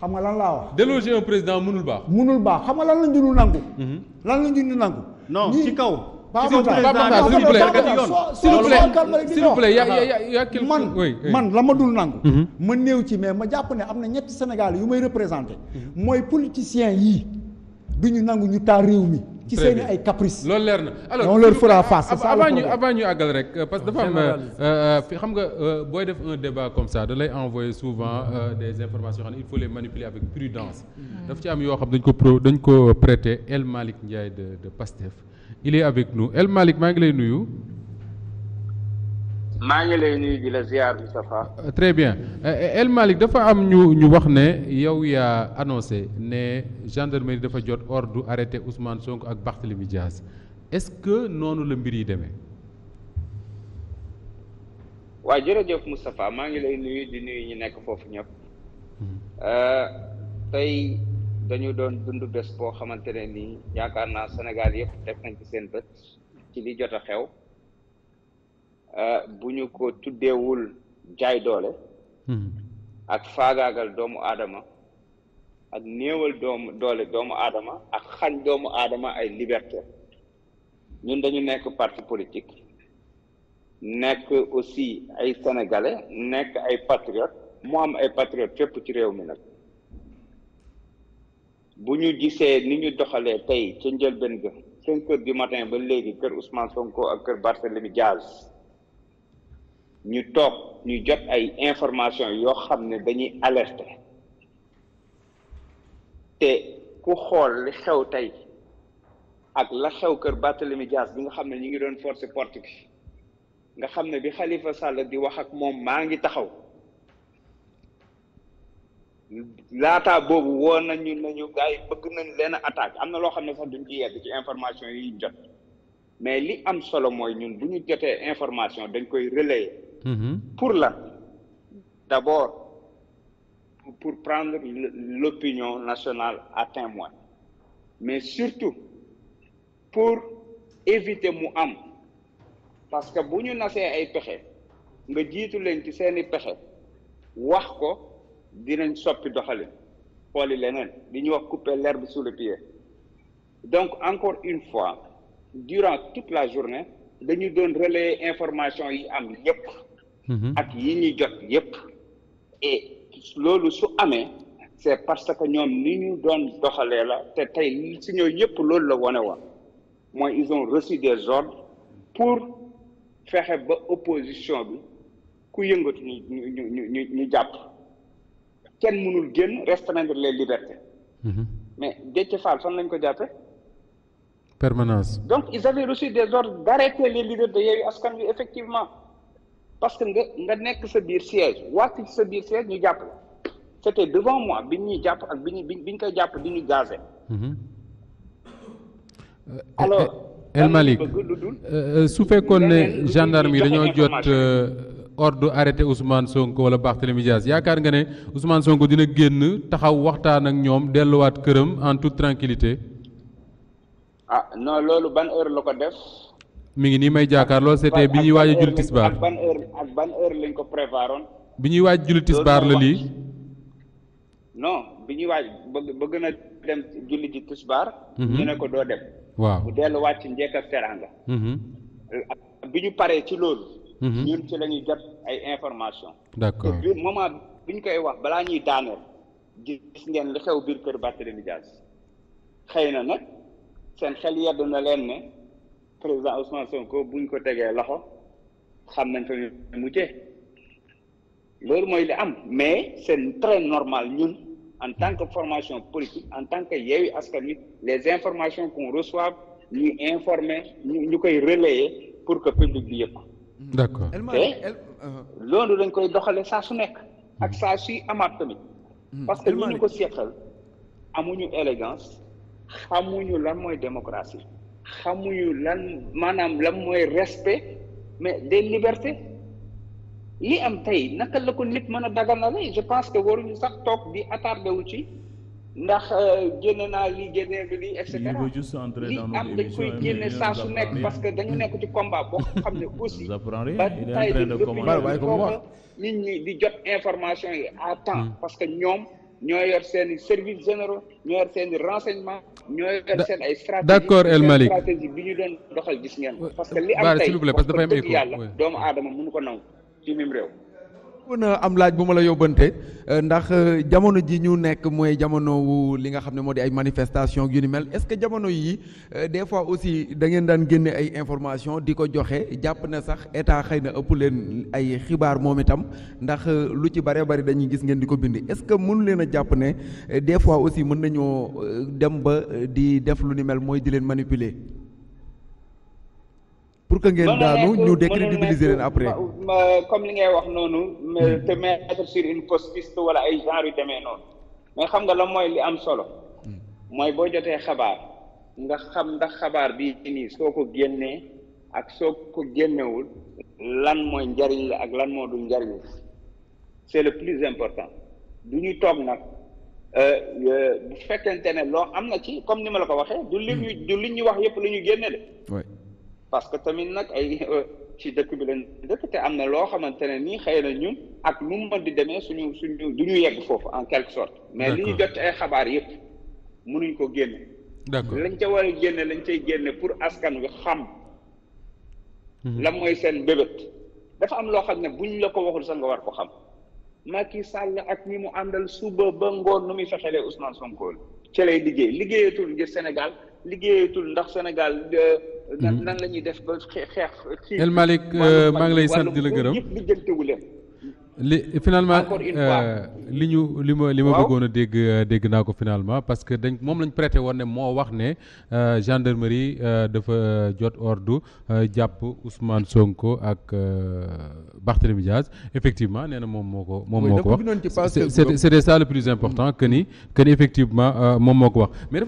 xam nga lan laa wax. déloger u président mënul baax. mënul baax xam nga lan la dund nangu. Mhm. lan lañ dund nangu. non ci kaw. Paa Matar s'il vous plaît s'il vous plaît yaa quelque man man la ma dul nangu. Mhm. ma néew ci mais ma jàpp ne am na ñetti Sénégal yu may représenté. Mhm. mooy politiciens yii du ñu nangu ñu taal réew mi. ci seen i ay caprice loolu leer na alors on leur fera face avant ñu avant ñu àggal rek euh, parce que dafa am euh, euh, fi xam nga booy def un débat comme ça da envoyé souvent des informations xam ne il faut les manipuler avec prudence mm. daf ci am yoo xam dañ ko pro dañ ko prêter El Malick Ndiaye de de Pastef il est avec nous El Malick maa ngi lay nuyu maa ngi lay nuyu di la ziar bi euh, très bien euh, euh, El Malick dafa am ñu ñu wax ne yow yaa annoncé ne gendarmerie dafa jot ordre arrêté Ousmane Sonko ak Barthélémy Diaz est-ce que noonu la mbir yi waa waaw jërëjëf Moustapha maa ngi lay nuyu di nuyu ñu nekk foofu ñëpp mhm. tey dañu doon dund bés boo xamante ne nii yaakaar naa Sénégal yëpp def nañ ci seen bët ci li jot a xew. Euh, bu ñu ko tuddeewul jaay doole hmm. ak faagaagal doomu aadama ak néewal doomu doole doomu aadama ak xañ doomu aadama ay liberté ñun dañu nekk parti politique nekk aussi ay sénégalais nekk ay patriote mu am ay patriote fépp ci réew mi nag bu ñu gisee ni ñu doxalee tey ca njëlbéen ga cinq kër du matin ba léegi kër Ousmane Sonko ak kër Barthélémy Diaz ñu toog ñu jot ay information yoo xam ne dañuy alerter te ku xool li xew tey ak la xew kër Barthélemy Dias bi nga xam ne ñu ngi doon forcer porte bi nga xam ne bi xalifa Sall di wax ak moom maa ngi taxaw laataa boobu woon nañu nañu gars yi bëgg nañ lenn attaque am na loo xam ne sax duñ ci yedd ci information yi jot mais li am solo mooy ñun bu ñu jotee information dañ koy relayer Mm-hmm. Pour là, d'abord, pour prendre l'opinion nationale à témoin mais surtout pour éviter mu am parce que bu ñu nasee ay pexe nga jiitu leen ci seeni pexe wax ko dinañ soppi doxalin xooli leneen li ñuy wax couper l'herbe sous le pied donc encore une fois durant toute la journée dañu doon relayer information yi am yépp Mm-hmm. ak yi ñu jot yépp et loolu su amee c'est parce que ñoom ni ñu doon doxalee la te tey si ñooy yépp loolu la wone woon mooy ils ont reçu des ordres pour fexe ba opposition bi ku yëngatu ñu ñu ñu ñu jàpp kenn mënul génn restreindre les libertés mm-hmm. mais Déthié Fall fan lañ ko jàppe permanence donc ils avaient reçu des ordres d'arrêter les leaders de Yewwi Askan Wi effectivement parce que nga nga nekk sa biir siège wàcc ci sa biir siège ñu jàpp la c'était devant moi bi ñuy jàpp ak bi ñu bi ñu koy jàpp di ñu gazé. Mhm. Euh, El Malick euh, euh, su fekkoon ne gendarme yi dañoo jot ordre arrêté Ousmane Sonko wala Barthélémy Dias yaakaar nga ne Ousmane Sonko dina génn taxaw waxtaan ak ñoom delluwaat këram en toute tranquillité ah non loolu ban heure la ko def. mi ngi nii may jàkkaarloo c'était bi ñuy waaj a julli tisbaar ban heure ak ban heure lañ ko prévaroon bi ñuy waaj julli tisbaar la lii. non bi ñuy waaj bëgg na dem julli ji tisbaar. Mhm. ñu ne ko doo dem. waaw bu delluwaat ci njëkk ak teraanga. Mhm. bi ñu paree ci loolu. Mhm. ñun ci la ñuy ay information d'accord te bi moment bi ñu koy wax balaa ñuy daaneel gis ngeen li xew biir kër Barthélémy Dias xëy na nag seen xel yedd na leen ne. président Ousmane bu ñu ko tegee loxo xam nañ fa mu mujjee loolu mooy li am mais c'est très normal ñun en tant que formation politique en tant que Yewwi Askan Wi les informations qu'on reçoit ñu informer ñu ñu koy relayer pour que public bi yëpp. d'accord te euh, loolu dañ koy doxale saa su nekk hmm. ak saa suy amaat tamit. Hmm. parce que ñu ñu ko seetal amuñu élégance xamuñu lan mooy démocratie. xamuñu lan maanaam lan mooy respect mais des libertés li am tey naka la ko nit mën a daganale je pense que waruñu sax toog di attardé wu ci ndax euh, génne naa li génne bi li et cetera li am dañ koy génne saa su nekk parce que dañu nekk ci combat boo xam ne aussi ba tay di nit ñi di jot information yi à temps hmm. parce que ñoom ñoo yor seen i services généraux ñoo yor seen i renseignement ñoo seen ay stratégie d'accord El Malick bi ñu doon doxal gis ngeen parce que li am tey parce que dafay am écho aadama mënu ko nangu ci mim réew na am laaj bu ma la yóbbante euh, ndax euh, jamono ji ñu nekk mooy jamono li nga xam ne moo di ay manifestation yu ni mel est-ce que jamono yi euh, des fois aussi da ngeen daan génne ay information di ko joxe jàpp na sax état xëy na ëpp leen ay xibaar moom itam ndax lu ci bare bari dañuy gis ngeen di ko bind est-ce que mënu leen a jàpp ne des fois aussi mën nañoo dem ba di def lu ni mel mooy di leen manipuler pour que ngeen daanu ñu décrédibiliser leen après. comme li ngay wax noonu. Hmm. te mettre sur une fausse wala ay genre yu demee noonu. mais xam nga la mooy li am solo. Hmm. mooy boo jotee xabaar. nga xam ndax xabaar bi nii soo ko génnee ak soo ko génnewul lan mooy njariñ la ak lan moo dul njariñ la c'est le plus important du ñu toog nag. Euh, euh, bu fekkente ne loo am na ci comme ni ma la ko waxee. du li ñu hmm. du li ñu wax yëpp lu ñu génne de. parce que tamit nag ay euh, ci dëkk bi lañ dëkk te am na loo xamante ne nii xëy na ñun ak nu mu mën di demee suñu suñu du ñu yegg foofu en quelque sorte. mais li ñu jot ay xabaar yëpp mënuñ ko génn d'accord lañ ca war a génne lañ cay génne pour askan wi xam. Mhm. la mooy seen bébét. dafa am loo xam ne buñ la ko waxul sax nga war ko xam. Macky Sall ak ñi mu àndal suba ba ngoon nu muy fexee lee Ousmane Sonko ci lay liggéey liggéeyatul ngir Sénégal liggéeyatul ndax Sénégal. Euh, nan mm-hmm. nan la ñuy El Malick euh, maa ngi lay sant di la gërëm li finalement euh, li ñu li ma li ma bëggoon dégg euh, dégg naa ko finalement parce que dañ moom lañ prêté woon ne moo wax ne gendarmerie dafa jot ordre jàpp Ousmane Sonko ak Barthélémy Diaz effectivement nee na moom moo ko moom moo ko wax c'était ça le plus important que ni que effectivement moom moo ko wax